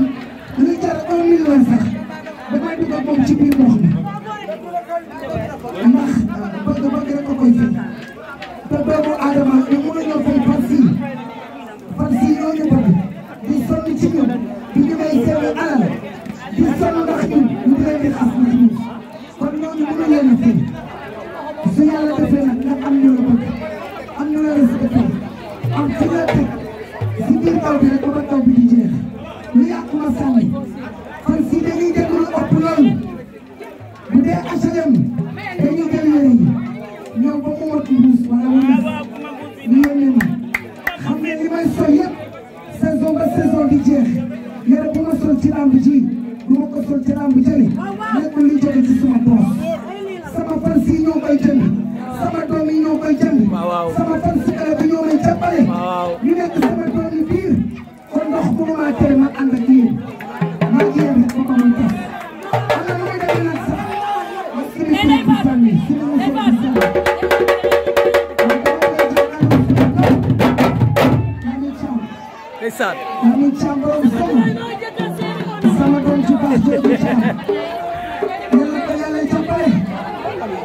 moom jar un million sax damay dugal moom ci biir ndox mi ndax bëgg bëgg a koy fay te doomu aadama ñu mën a ñëw fay par fii par fii ñoo ñu di sonn ci ñun di ñu may seen alal di sonn ndax di xas ndax ñun kon ñooñu su yàlla defee am ñu la bëgg am am fi nga teg si biir taw bi ba taw bi di sànni kon fii dañuy déglu lu ëpp loolu bu dee HLM dañuy jël yére yi ñëw ba mu mot mbuus wala mu mbuus ñu xam ne li may sol yëpp ba saison di jeex yére bu ma sol ci làmb ji du ma ko sol ci làmb jëli nekkul li jóge ci sama poos ndeysaan amin cam borom sam sama doom ci baas jooju cam yàlla ko yàlla jàppale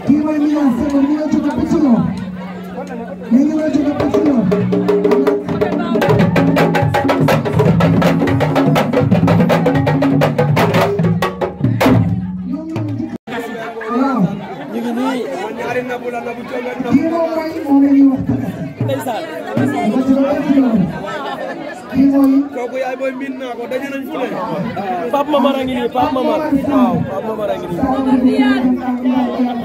kii mooy mi naan sama mi nga jóge Betilo mi nga jóge Betilo Thank you. kii mooy. kooku yaay booy miin naa ko daje nañ fu ne. Pape Mamara ngi nii Pape Mamara waaw Pape Mamara ngi nii.